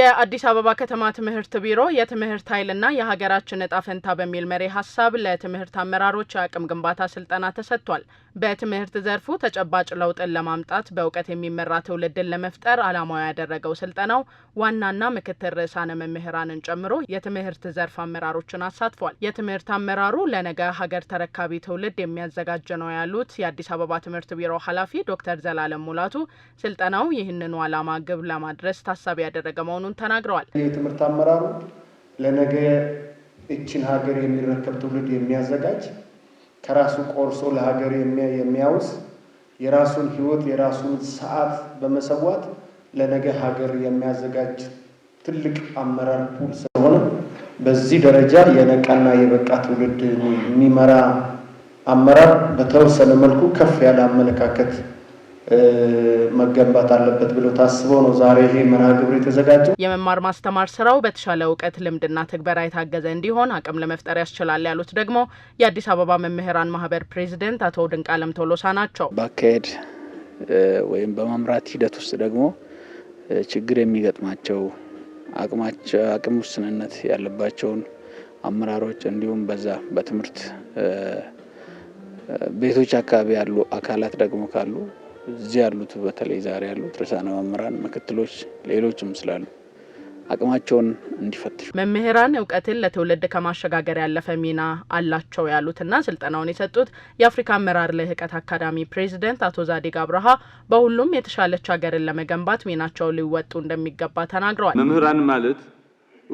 የአዲስ አበባ ከተማ ትምህርት ቢሮ የትምህርት ኃይልና የሀገራችን እጣ ፈንታ በሚል መሪ ሀሳብ ለትምህርት አመራሮች የአቅም ግንባታ ስልጠና ተሰጥቷል። በትምህርት ዘርፉ ተጨባጭ ለውጥን ለማምጣት በእውቀት የሚመራ ትውልድን ለመፍጠር ዓላማው ያደረገው ስልጠናው ዋናና ምክትል ርዕሳነ መምህራንን ጨምሮ የትምህርት ዘርፍ አመራሮችን አሳትፏል። የትምህርት አመራሩ ለነገ ሀገር ተረካቢ ትውልድ የሚያዘጋጅ ነው ያሉት የአዲስ አበባ ትምህርት ቢሮ ኃላፊ ዶክተር ዘላለም ሙላቱ ስልጠናው ይህንኑ ዓላማ ግብ ለማድረስ ታሳቢ ያደረገ መሆኑን መሆኑን ተናግረዋል። የትምህርት አመራሩ ለነገ እችን ሀገር የሚረከብ ትውልድ የሚያዘጋጅ ከራሱ ቆርሶ ለሀገር የሚያውስ የራሱን ህይወት የራሱን ሰዓት በመሰዋት ለነገ ሀገር የሚያዘጋጅ ትልቅ አመራር ፑል ስለሆነ በዚህ ደረጃ የነቃና የበቃ ትውልድ የሚመራ አመራር በተወሰነ መልኩ ከፍ ያለ አመለካከት መገንባት አለበት ብሎ ታስቦ ነው ዛሬ ይሄ መርሃ ግብር የተዘጋጀው። የመማር ማስተማር ስራው በተሻለ እውቀት ልምድና ትግበራ የታገዘ እንዲሆን አቅም ለመፍጠር ያስችላል ያሉት ደግሞ የአዲስ አበባ መምህራን ማህበር ፕሬዚደንት አቶ ድንቃለም ቶሎሳ ናቸው። በአካሄድ ወይም በመምራት ሂደት ውስጥ ደግሞ ችግር የሚገጥማቸው አቅም ውስንነት ያለባቸውን አመራሮች እንዲሁም በዛ በትምህርት ቤቶች አካባቢ ያሉ አካላት ደግሞ ካሉ እዚህ ያሉት በተለይ ዛሬ ያሉት ርዕሳነ መምህራን፣ ምክትሎች፣ ሌሎችም ስላሉ አቅማቸውን እንዲፈትሹ መምህራን እውቀትን ለትውልድ ከማሸጋገር ያለፈ ሚና አላቸው ያሉትና ስልጠናውን የሰጡት የአፍሪካ አመራር ልህቀት አካዳሚ ፕሬዚደንት አቶ ዛዲግ አብርሃ በሁሉም የተሻለች ሀገርን ለመገንባት ሚናቸው ሊወጡ እንደሚገባ ተናግረዋል። መምህራን ማለት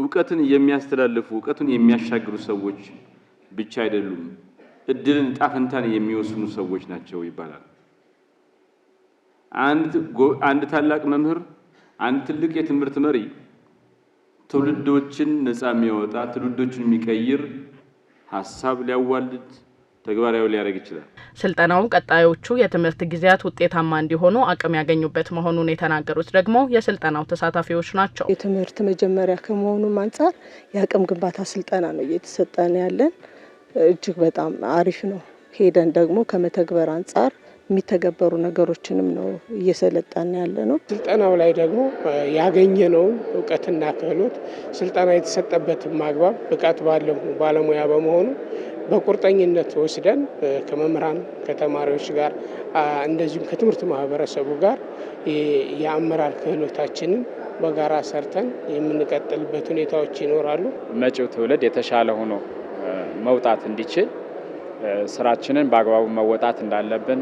እውቀትን የሚያስተላልፉ እውቀቱን የሚያሻግሩ ሰዎች ብቻ አይደሉም፣ እድልን ጣፈንታን የሚወስኑ ሰዎች ናቸው ይባላል። አንድ ታላቅ መምህር፣ አንድ ትልቅ የትምህርት መሪ ትውልዶችን ነፃ የሚያወጣ ትውልዶችን የሚቀይር ሀሳብ ሊያዋልድ ተግባራዊ ሊያደርግ ይችላል። ስልጠናው ቀጣዮቹ የትምህርት ጊዜያት ውጤታማ እንዲሆኑ አቅም ያገኙበት መሆኑን የተናገሩት ደግሞ የስልጠናው ተሳታፊዎች ናቸው። የትምህርት መጀመሪያ ከመሆኑም አንጻር የአቅም ግንባታ ስልጠና ነው እየተሰጠን ያለን። እጅግ በጣም አሪፍ ነው። ሄደን ደግሞ ከመተግበር አንጻር የሚተገበሩ ነገሮችንም ነው እየሰለጠን ያለ ነው። ስልጠናው ላይ ደግሞ ያገኘነውን እውቀትና ክህሎት ስልጠና የተሰጠበትን አግባብ ብቃት ባለው ባለሙያ በመሆኑ በቁርጠኝነት ወስደን ከመምህራን ከተማሪዎች ጋር እንደዚሁም ከትምህርት ማህበረሰቡ ጋር የአመራር ክህሎታችንን በጋራ ሰርተን የምንቀጥልበት ሁኔታዎች ይኖራሉ። መጪው ትውልድ የተሻለ ሆኖ መውጣት እንዲችል ስራችንን በአግባቡ መወጣት እንዳለብን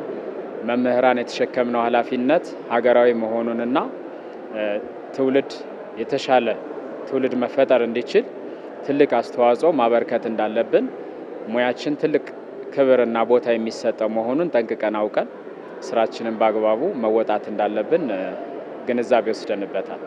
መምህራን የተሸከምነው ኃላፊነት ሀገራዊ መሆኑንና ትውልድ የተሻለ ትውልድ መፈጠር እንዲችል ትልቅ አስተዋጽኦ ማበርከት እንዳለብን ሙያችን ትልቅ ክብርና ቦታ የሚሰጠው መሆኑን ጠንቅቀን አውቀን ስራችንን በአግባቡ መወጣት እንዳለብን ግንዛቤ ወስደንበታል።